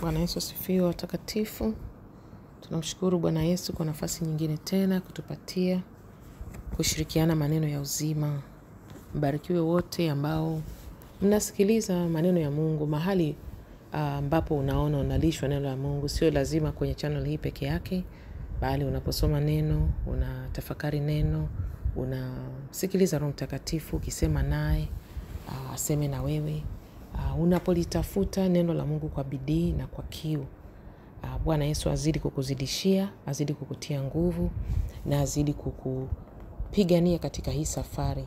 Bwana Yesu asifiwe, watakatifu. Tunamshukuru Bwana Yesu kwa nafasi nyingine tena kutupatia kushirikiana maneno ya uzima. Mbarikiwe wote ambao mnasikiliza maneno ya Mungu mahali ah, ambapo uh, unaona unalishwa neno la Mungu. Sio lazima kwenye channel hii peke yake, bali unaposoma neno, unatafakari neno, unasikiliza Roho Mtakatifu ukisema naye ah, aseme na wewe Uh, unapolitafuta neno la Mungu kwa bidii na kwa kiu uh, Bwana Yesu azidi kukuzidishia, azidi kukutia nguvu na azidi kukupigania katika hii safari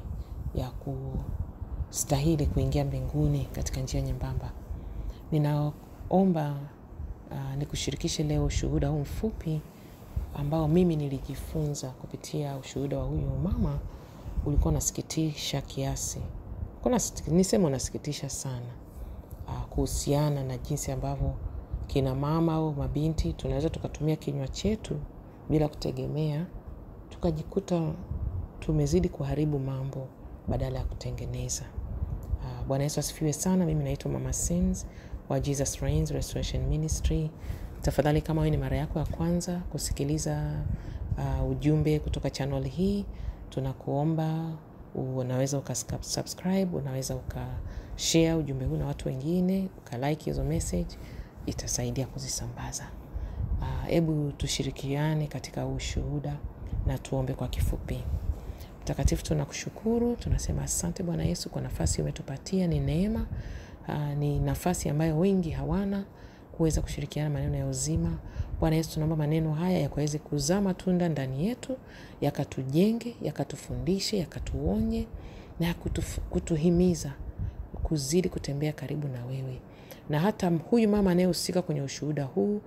ya kustahili kuingia mbinguni katika njia nyembamba. Ninaomba uh, nikushirikishe leo ushuhuda huu mfupi ambao mimi nilijifunza kupitia ushuhuda wa huyu mama. Ulikuwa unasikitisha kiasi ni sehemu anasikitisha sana ah, kuhusiana na jinsi ambavyo kina mama au mabinti tunaweza tukatumia kinywa chetu bila kutegemea, tukajikuta tumezidi kuharibu mambo badala ya kutengeneza. Uh, Bwana Yesu asifiwe sana. Mimi naitwa Mama Sins wa Jesus Rains Restoration Ministry. Tafadhali, kama wewe ni mara yako ya kwanza kusikiliza uh, ujumbe kutoka chanel hii, tunakuomba unaweza ukasubscribe unaweza ukashare ujumbe huu na watu wengine ukalike hizo message itasaidia kuzisambaza ah, hebu uh, tushirikiane katika huu shuhuda na tuombe kwa kifupi mtakatifu tunakushukuru tunasema asante bwana yesu kwa nafasi umetupatia ni neema uh, ni nafasi ambayo wengi hawana kuweza kushirikiana maneno ya uzima. Bwana Yesu, tunaomba maneno haya yakaweze kuzaa matunda ndani yetu, yakatujenge, yakatufundishe, yakatuonye na kutu, kutuhimiza kuzidi kutembea karibu na wewe na hata huyu mama anayehusika kwenye ushuhuda huu,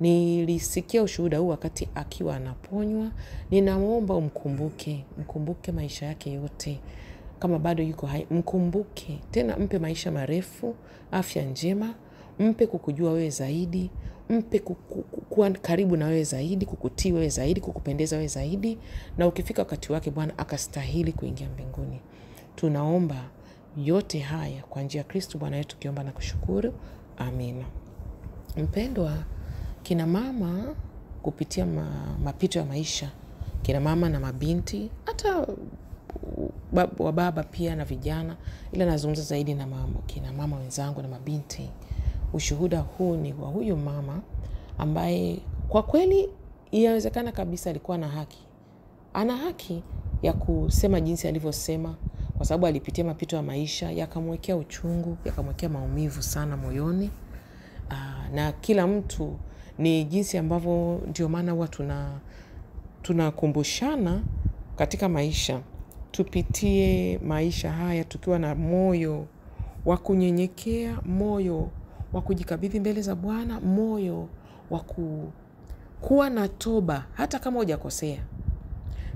nilisikia ushuhuda huu wakati akiwa anaponywa. Ninamwomba umkumbuke, mkumbuke maisha yake yote, kama bado yuko hai, mkumbuke tena, mpe maisha marefu, afya njema mpe kukujua wewe zaidi mpe kuwa karibu na wewe zaidi kukutii wewe zaidi kukupendeza wewe zaidi na ukifika wakati wake bwana akastahili kuingia mbinguni tunaomba yote haya kwa njia ya kristu bwana wetu ukiomba na kushukuru amina mpendwa kina mama kupitia ma, mapito ya maisha kina mama na mabinti hata wababa pia na vijana ila nazungumza zaidi na mama, kina mama wenzangu na mabinti ushuhuda huu ni wa huyu mama ambaye kwa kweli inawezekana kabisa alikuwa na haki, ana haki ya kusema jinsi alivyosema, kwa sababu alipitia mapito ya maisha yakamwekea uchungu, yakamwekea maumivu sana moyoni. Aa, ah, na kila mtu ni jinsi ambavyo, ndio maana huwa tuna tunakumbushana katika maisha, tupitie maisha haya tukiwa na moyo wa kunyenyekea, moyo wa kujikabidhi mbele za Bwana, moyo wa kuwa na toba hata kama hujakosea.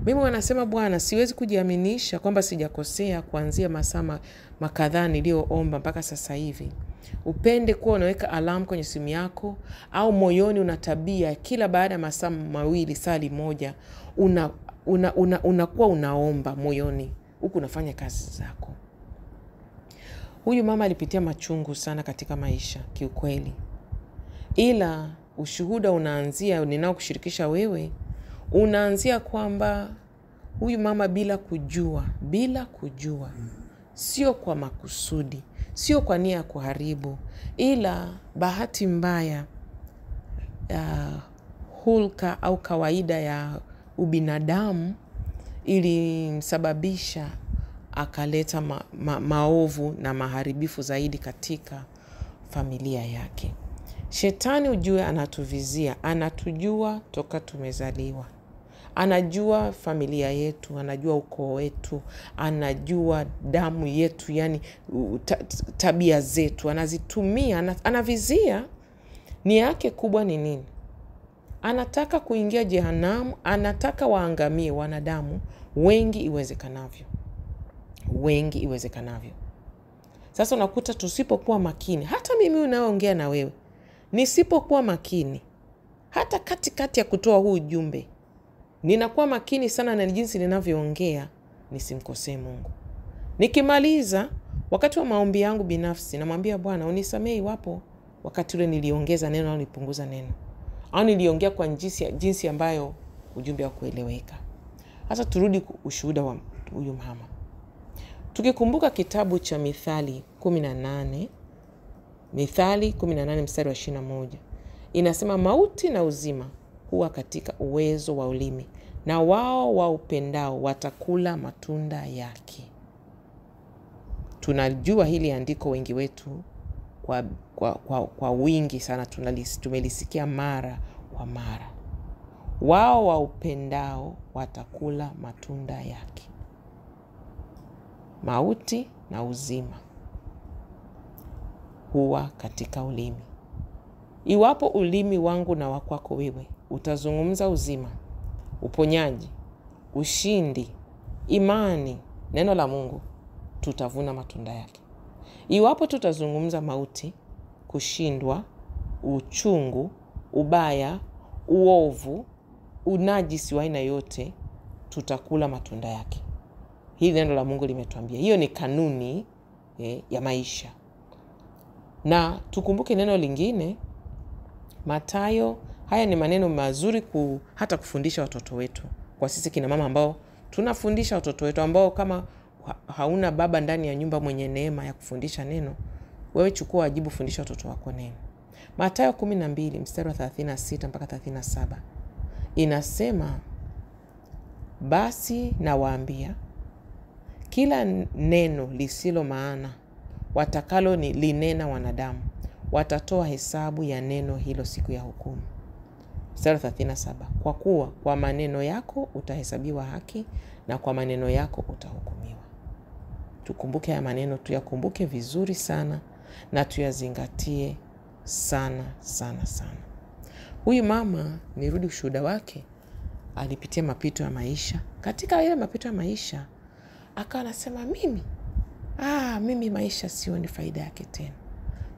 Mimi wanasema Bwana, siwezi kujiaminisha kwamba sijakosea kuanzia masaa makadhaa niliyoomba mpaka sasa hivi. Upende kuwa unaweka alamu kwenye simu yako au moyoni, una tabia kila baada ya masaa mawili sali moja unakuwa una, una, una, unaomba moyoni huku unafanya kazi zako. Huyu mama alipitia machungu sana katika maisha kiukweli, ila ushuhuda unaanzia, ninaokushirikisha wewe, unaanzia kwamba huyu mama bila kujua, bila kujua, sio kwa makusudi, sio kwa nia ya kuharibu, ila bahati mbaya, uh, hulka au kawaida ya ubinadamu ilimsababisha akaleta ma, ma, maovu na maharibifu zaidi katika familia yake. Shetani ujue, anatuvizia, anatujua toka tumezaliwa, anajua familia yetu, anajua ukoo wetu, anajua damu yetu, yani tabia zetu, anazitumia, anavizia. Nia yake kubwa ni nini? Anataka kuingia jehanamu, anataka waangamie wanadamu wengi iwezekanavyo wengi iwezekanavyo. Sasa unakuta tusipokuwa makini, hata mimi unayoongea na wewe, nisipokuwa makini hata katikati kati ya kutoa huu ujumbe, ninakuwa makini sana na jinsi ninavyoongea, nisimkosee Mungu. Nikimaliza wakati wa maombi yangu binafsi, namwambia Bwana, unisamee iwapo wakati ule niliongeza neno au nipunguza neno au niliongea kwa njisi, jinsi ambayo ujumbe wa kueleweka. Hasa turudi ushuhuda wa huyu mama tukikumbuka kitabu cha Mithali 18 Mithali 18 mstari wa 21 inasema, mauti na uzima huwa katika uwezo wa ulimi, na wao waupendao watakula matunda yake. Tunajua hili andiko, wengi wetu kwa, kwa, kwa, kwa wingi sana tunalis, tumelisikia mara kwa mara, wao waupendao watakula matunda yake mauti na uzima huwa katika ulimi. Iwapo ulimi wangu na wakwako wewe utazungumza uzima, uponyaji, ushindi, imani, neno la Mungu, tutavuna matunda yake. Iwapo tutazungumza mauti, kushindwa, uchungu, ubaya, uovu, unajisi wa aina yote, tutakula matunda yake. Hili neno la Mungu limetuambia, hiyo ni kanuni eh, ya maisha. Na tukumbuke neno lingine, matayo Haya ni maneno mazuri ku, hata kufundisha watoto wetu, kwa sisi kina mama ambao tunafundisha watoto wetu, ambao kama hauna baba ndani ya nyumba mwenye neema ya kufundisha neno, wewe chukua wajibu, fundisha watoto wako neno. matayo 12 mstari wa 36 mpaka 37 inasema, basi nawaambia kila neno lisilo maana watakalo ni linena wanadamu watatoa hesabu ya neno hilo siku ya hukumu. Mstari 37, kwa kuwa kwa maneno yako utahesabiwa haki na kwa maneno yako utahukumiwa. Tukumbuke haya maneno, tuyakumbuke vizuri sana na tuyazingatie sana sana sana. Huyu mama, nirudi ushuhuda wake, alipitia mapito ya maisha. Katika ile mapito ya maisha akawa anasema mimi ah, mimi maisha sioni faida yake tena,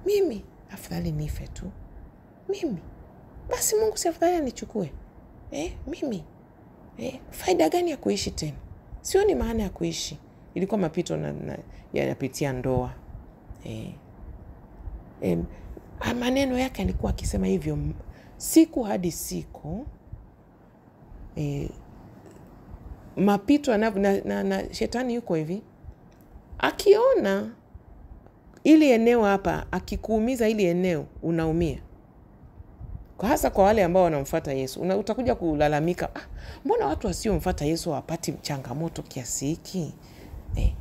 mimi afadhali nife tu, mimi basi Mungu si afadhali anichukue eh, mimi eh, faida gani ya kuishi tena? Sioni maana ya kuishi. Ilikuwa mapito na, na, yanapitia ndoa eh, eh, maneno yake alikuwa akisema hivyo siku hadi siku eh, mapito anavyo na, na, na shetani yuko hivi, akiona ili eneo hapa, akikuumiza ili eneo unaumia hasa kwa wale ambao wanamfata Yesu una, utakuja kulalamika ah, mbona watu wasiomfata Yesu wapati changamoto kiasi hiki eh?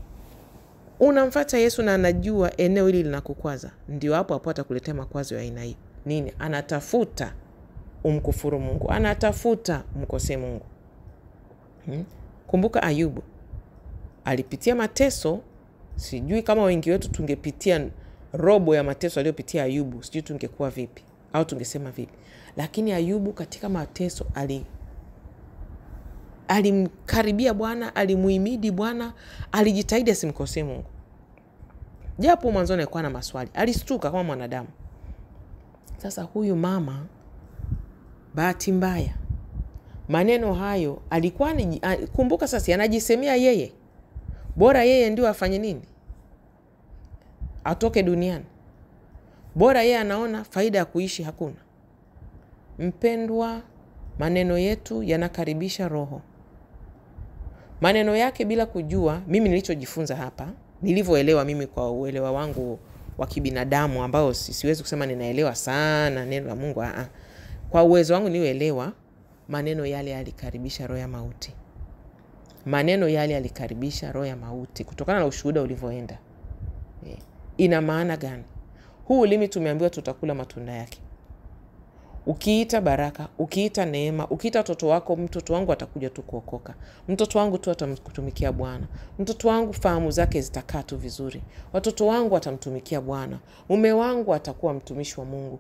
Unamfata Yesu na anajua eneo hili linakukwaza, ndio hapo apo atakuletea makwazo ya aina hii. Nini anatafuta? Umkufuru Mungu, anatafuta mkose Mungu hmm? Kumbuka Ayubu alipitia mateso, sijui kama wengi wetu tungepitia robo ya mateso aliyopitia Ayubu, sijui tungekuwa vipi au tungesema vipi. Lakini Ayubu katika mateso ali alimkaribia Bwana, alimuimidi Bwana, alijitahidi asimkosee Mungu, japo mwanzoni alikuwa na maswali, alistuka kama mwanadamu. Sasa huyu mama bahati mbaya maneno hayo alikuwa ni, kumbuka sasa, anajisemea yeye, bora yeye ndio afanye nini, atoke duniani, bora yeye anaona faida ya kuishi hakuna. Mpendwa, maneno yetu yanakaribisha roho, maneno yake bila kujua. Mimi nilichojifunza hapa, nilivyoelewa mimi kwa uelewa wangu wa kibinadamu ambao siwezi kusema ninaelewa sana neno la Mungu aa. Kwa uwezo wangu nioelewa maneno yale yalikaribisha roho ya mauti. Maneno yale yalikaribisha roho ya mauti kutokana na ushuhuda ulivyoenda. Eh, ina maana gani? Huu ulimi tumeambiwa tutakula matunda yake ukiita baraka, ukiita neema, ukiita watoto wako, mtoto wangu atakuja tu kuokoka, mtoto wangu tu atamtumikia Bwana, mtoto wangu fahamu zake zitakaa tu vizuri, watoto wangu atamtumikia Bwana, mume wangu atakuwa mtumishi wa Mungu,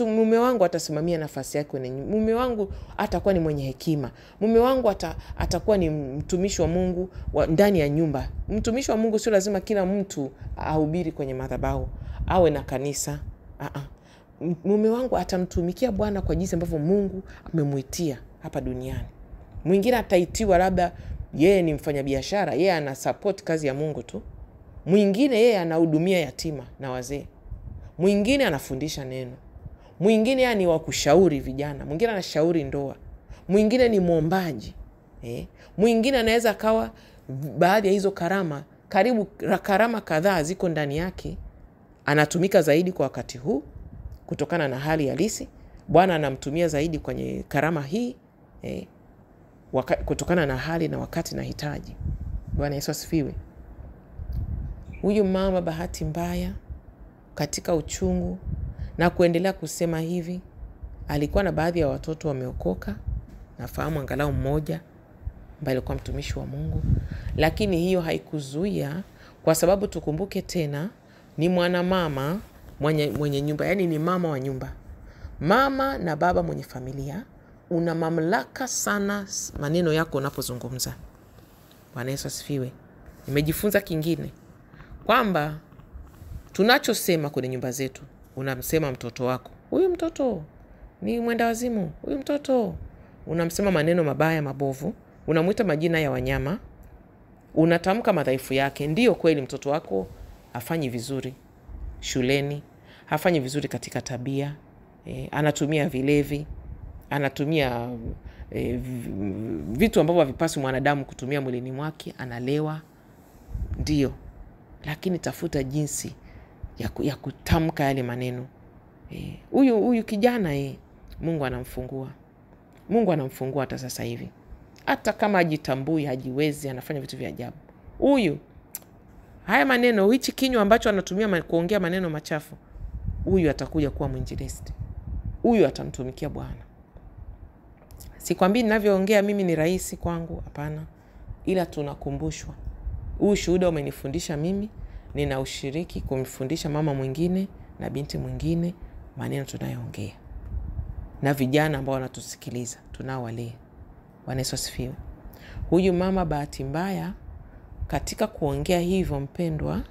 mume wangu atasimamia nafasi yake kwenye, mume wangu atakuwa ni mwenye hekima, mume wangu ata, atakuwa ni mtumishi wa Mungu wa, ndani ya nyumba. Mtumishi wa Mungu sio lazima kila mtu ahubiri kwenye madhabahu, awe na kanisa. Aa, mume wangu atamtumikia Bwana kwa jinsi ambavyo Mungu amemwitia hapa duniani. Mwingine ataitiwa labda yeye ni mfanyabiashara, yeye ana support kazi ya Mungu tu. Mwingine yeye anahudumia yatima na wazee, mwingine anafundisha neno, mwingine yeye ni wa kushauri vijana, mwingine anashauri ndoa, mwingine ni mwombaji eh. Mwingine anaweza akawa baadhi ya hizo karama, karibu karama kadhaa ziko ndani yake, anatumika zaidi kwa wakati huu kutokana na hali halisi. Bwana anamtumia zaidi kwenye karama hii eh, waka, kutokana na hali na wakati na hitaji. Bwana Yesu asifiwe. Huyu mama bahati mbaya katika uchungu na kuendelea kusema hivi, alikuwa na baadhi ya watoto wameokoka, nafahamu angalau mmoja ambaye alikuwa mtumishi wa Mungu, lakini hiyo haikuzuia, kwa sababu tukumbuke tena, ni mwanamama mwenye, mwenye nyumba, yani ni mama wa nyumba, mama na baba mwenye familia, una mamlaka sana maneno yako unapozungumza. Bwana Yesu asifiwe. Nimejifunza kingine kwamba tunachosema kwenye nyumba zetu, unamsema mtoto wako, huyu mtoto ni mwenda wazimu, huyu mtoto unamsema maneno mabaya mabovu, unamwita majina ya wanyama, unatamka madhaifu yake. Ndiyo kweli mtoto wako afanyi vizuri shuleni, hafanyi vizuri katika tabia e, anatumia vilevi anatumia e, vitu ambavyo havipasi mwanadamu kutumia mwilini mwake analewa ndio lakini tafuta jinsi ya, ya kutamka yale maneno e, huyu e, huyu kijana e, mungu anamfungua mungu anamfungua hata sasa hivi hata kama ajitambui ajiwezi anafanya vitu vya ajabu huyu haya maneno hichi kinywa ambacho anatumia kuongea maneno machafu huyu atakuja kuwa mwinjilisti, huyu atamtumikia Bwana. Sikwambii ninavyoongea mimi ni rahisi kwangu, hapana, ila tunakumbushwa. Huu shuhuda umenifundisha mimi, nina ushiriki kumfundisha mama mwingine na binti mwingine maneno tunayoongea, na vijana ambao wanatusikiliza tunaowalea. Bwana Yesu asifiwe. Huyu mama bahati mbaya katika kuongea hivyo, mpendwa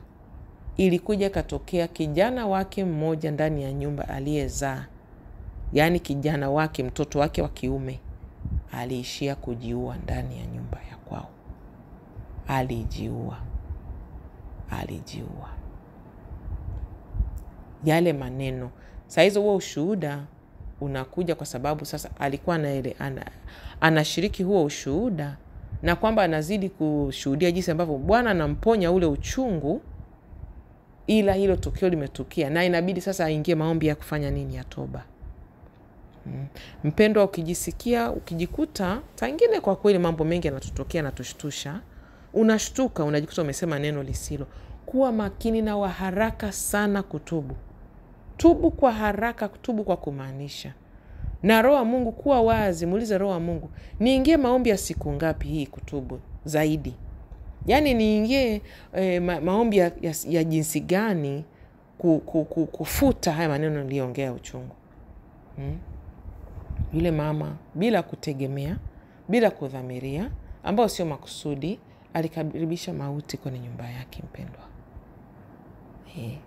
ilikuja katokea kijana wake mmoja ndani ya nyumba aliyezaa, yaani kijana wake, mtoto wake wa kiume aliishia kujiua ndani ya nyumba ya kwao. Alijiua, alijiua. Yale maneno sahizo, huo ushuhuda unakuja kwa sababu sasa alikuwa na ile ana, anashiriki huo ushuhuda na kwamba anazidi kushuhudia jinsi ambavyo Bwana anamponya ule uchungu ila hilo tukio limetukia na inabidi sasa aingie maombi ya kufanya nini ya toba mm. mpendwa ukijisikia ukijikuta tangine kwa kweli mambo mengi yanatutokea natushtusha unashtuka unajikuta umesema neno lisilo kuwa makini na waharaka sana kutubu tubu kwa haraka tubu kwa kumaanisha na roho mungu kuwa wazi muulize roho mungu niingie maombi ya siku ngapi hii kutubu zaidi yani niingie eh, ma, maombi ya, ya, ya jinsi gani ku, ku, ku, kufuta haya maneno niliyoongea ya uchungu hmm? yule mama bila kutegemea bila kudhamiria ambayo sio makusudi alikaribisha mauti kwenye nyumba yake mpendwa He. Eh,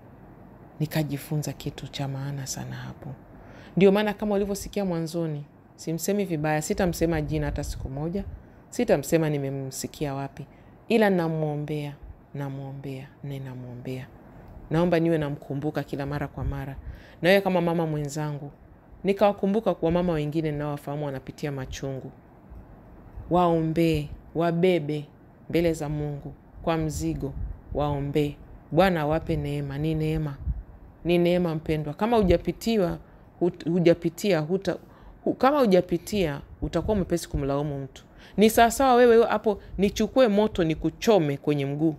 nikajifunza kitu cha maana sana hapo ndio maana kama ulivyosikia mwanzoni simsemi vibaya sitamsema jina hata siku moja sitamsema nimemsikia wapi ila namwombea, namwombea, namwombea. Naomba niwe namkumbuka kila mara kwa mara, wewe kama mama mwenzangu nikawakumbuka kuwa mama wengine ninaowafahamu wanapitia machungu, waombee, wabebe mbele za Mungu kwa mzigo, waombee. Bwana awape neema. Ni neema, ni neema mpendwa. Kama hujapitiwa, hujapitia, kama ujapitia utakuwa mepesi kumlaumu mtu. Ni sawasawa wewe hapo, nichukue moto nikuchome kwenye mguu,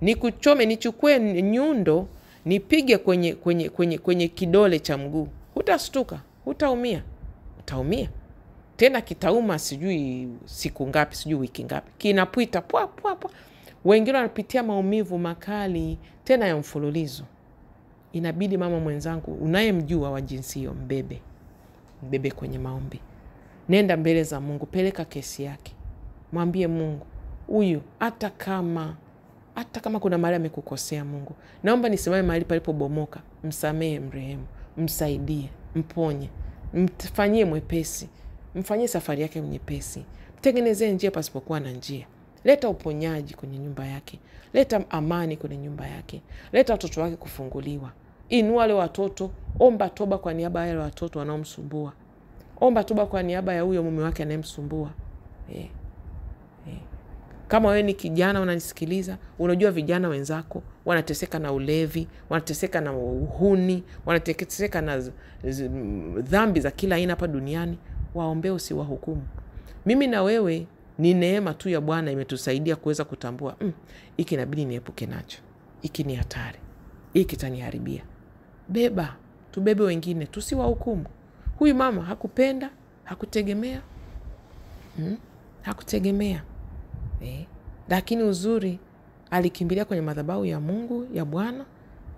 nikuchome, nichukue nyundo nipige kwenye, kwenye, kwenye, kwenye kidole cha mguu, hutastuka, hutaumia, utaumia tena, kitauma sijui siku ngapi, sijui wiki ngapi, kinapwita pwa pwa pwa. Wengine wanapitia maumivu makali tena ya mfululizo. Inabidi mama mwenzangu, unayemjua wa jinsi hiyo, mbebe mbebe kwenye maombi. Nenda mbele za Mungu, peleka kesi yake, mwambie Mungu huyu, hata kama hata kama kuna mahali amekukosea, Mungu naomba nisimame mahali palipobomoka, msamehe, mrehemu, msaidie, mponye, mfanyie mwepesi, mfanyie safari yake nyepesi, mtengenezee njia pasipokuwa na njia. Leta uponyaji kwenye nyumba yake, leta amani kwenye nyumba yake, leta watoto wake kufunguliwa, Inua wale watoto, omba toba kwa niaba ya wale watoto wanaomsumbua, omba toba kwa niaba ya huyo mume wake anayemsumbua eh. Eh. Kama wewe ni kijana unanisikiliza, unajua vijana wenzako wanateseka na ulevi, wanateseka na uhuni, wanateseka na dhambi za kila aina hapa duniani, waombee, usiwahukumu. Mimi na wewe ni neema tu ya Bwana imetusaidia kuweza kutambua mm, hiki, mm, inabidi niepuke nacho, hiki ni hatari, hiki kitaniharibia beba, tubebe wengine, tusiwahukumu. Huyu mama hakupenda, hakutegemea hmm? hakutegemea eh. Lakini uzuri alikimbilia kwenye madhabahu ya Mungu ya Bwana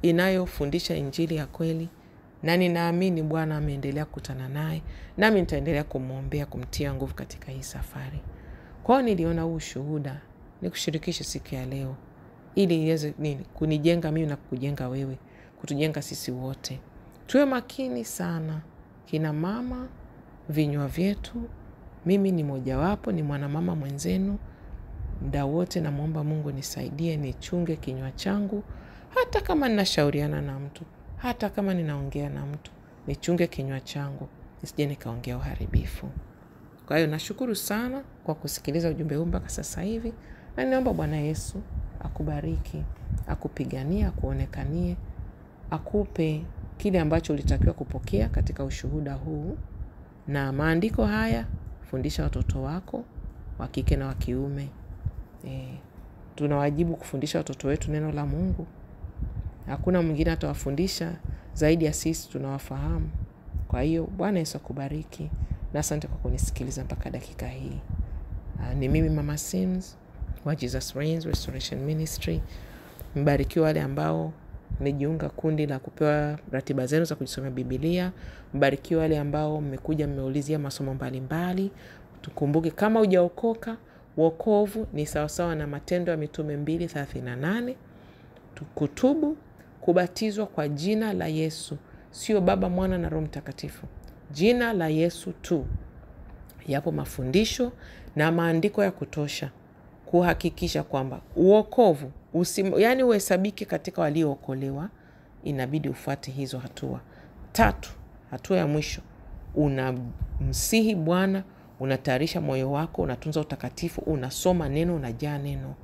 inayofundisha injili ya kweli, na ninaamini Bwana ameendelea kukutana naye, nami nitaendelea kumwombea, kumtia nguvu katika hii safari. Kwao niliona huu shuhuda nikushirikishe siku ya leo, ili iweze nini kunijenga mimi na kukujenga wewe kutujenga sisi wote. Tuwe makini sana, kina mama, vinywa vyetu. Mimi ni mojawapo, ni mwanamama mwenzenu. Mda wote namwomba Mungu nisaidie, nichunge kinywa changu, hata kama ninashauriana na mtu, hata kama ninaongea na mtu, nichunge kinywa changu nisije nikaongea uharibifu. Kwa hiyo nashukuru sana kwa kusikiliza ujumbe huu mpaka sasa hivi, na ninaomba Bwana Yesu akubariki, akupiganie, akuonekanie akupe kile ambacho ulitakiwa kupokea katika ushuhuda huu. Na maandiko haya fundisha watoto wako wa kike na wa kiume. E, tunawajibu kufundisha watoto wetu neno la Mungu. Hakuna mwingine atawafundisha zaidi ya sisi tunawafahamu. Kwa hiyo Bwana Yesu akubariki na asante kwa kunisikiliza mpaka dakika hii. Uh, ni mimi Mama Sims wa Jesus Rains, Restoration Ministry. Mbarikiwa wale ambao mmejiunga kundi la kupewa ratiba zenu za kujisomea bibilia Mbarikiwe wale ambao mmekuja mmeulizia masomo mbalimbali. Tukumbuke kama ujaokoka wokovu ni sawasawa na Matendo ya Mitume 2:38 kutubu, kubatizwa kwa jina la Yesu, sio Baba, Mwana na Roho Mtakatifu, jina la Yesu tu. Yapo mafundisho na maandiko ya kutosha kuhakikisha kwamba uokovu usim, yani uhesabiki katika waliookolewa, inabidi ufuate hizo hatua tatu. Hatua ya mwisho, unamsihi Bwana, unatayarisha moyo wako, unatunza utakatifu, unasoma neno, unajaa neno,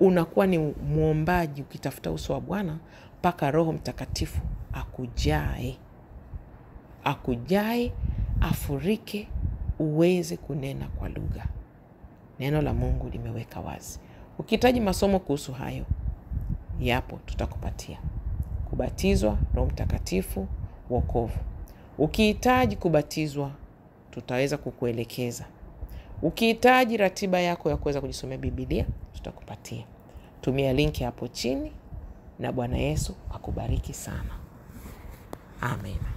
unakuwa ni mwombaji ukitafuta uso wa Bwana mpaka Roho Mtakatifu akujae, akujae, afurike, uweze kunena kwa lugha. Neno la Mungu limeweka wazi. Ukihitaji masomo kuhusu hayo, yapo tutakupatia: kubatizwa Roho Mtakatifu, wokovu. Ukihitaji kubatizwa, tutaweza kukuelekeza. Ukihitaji ratiba yako ya kuweza kujisomea Biblia, tutakupatia. Tumia linki hapo chini, na Bwana Yesu akubariki sana. Amen.